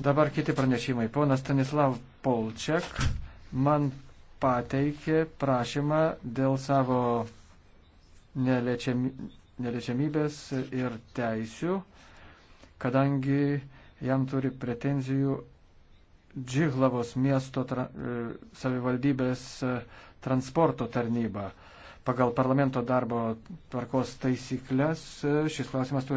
Dabar kiti pranešimai. Ponas Stanislav Polčiak man pateikė prašymą dėl savo neliečiami, neliečiamybės ir teisių, kadangi jam turi pretenzijų Džihlavos miesto tra, e, savivaldybės e, transporto tarnyba. Pagal parlamento darbo tvarkos taisyklės e, šis klausimas turi.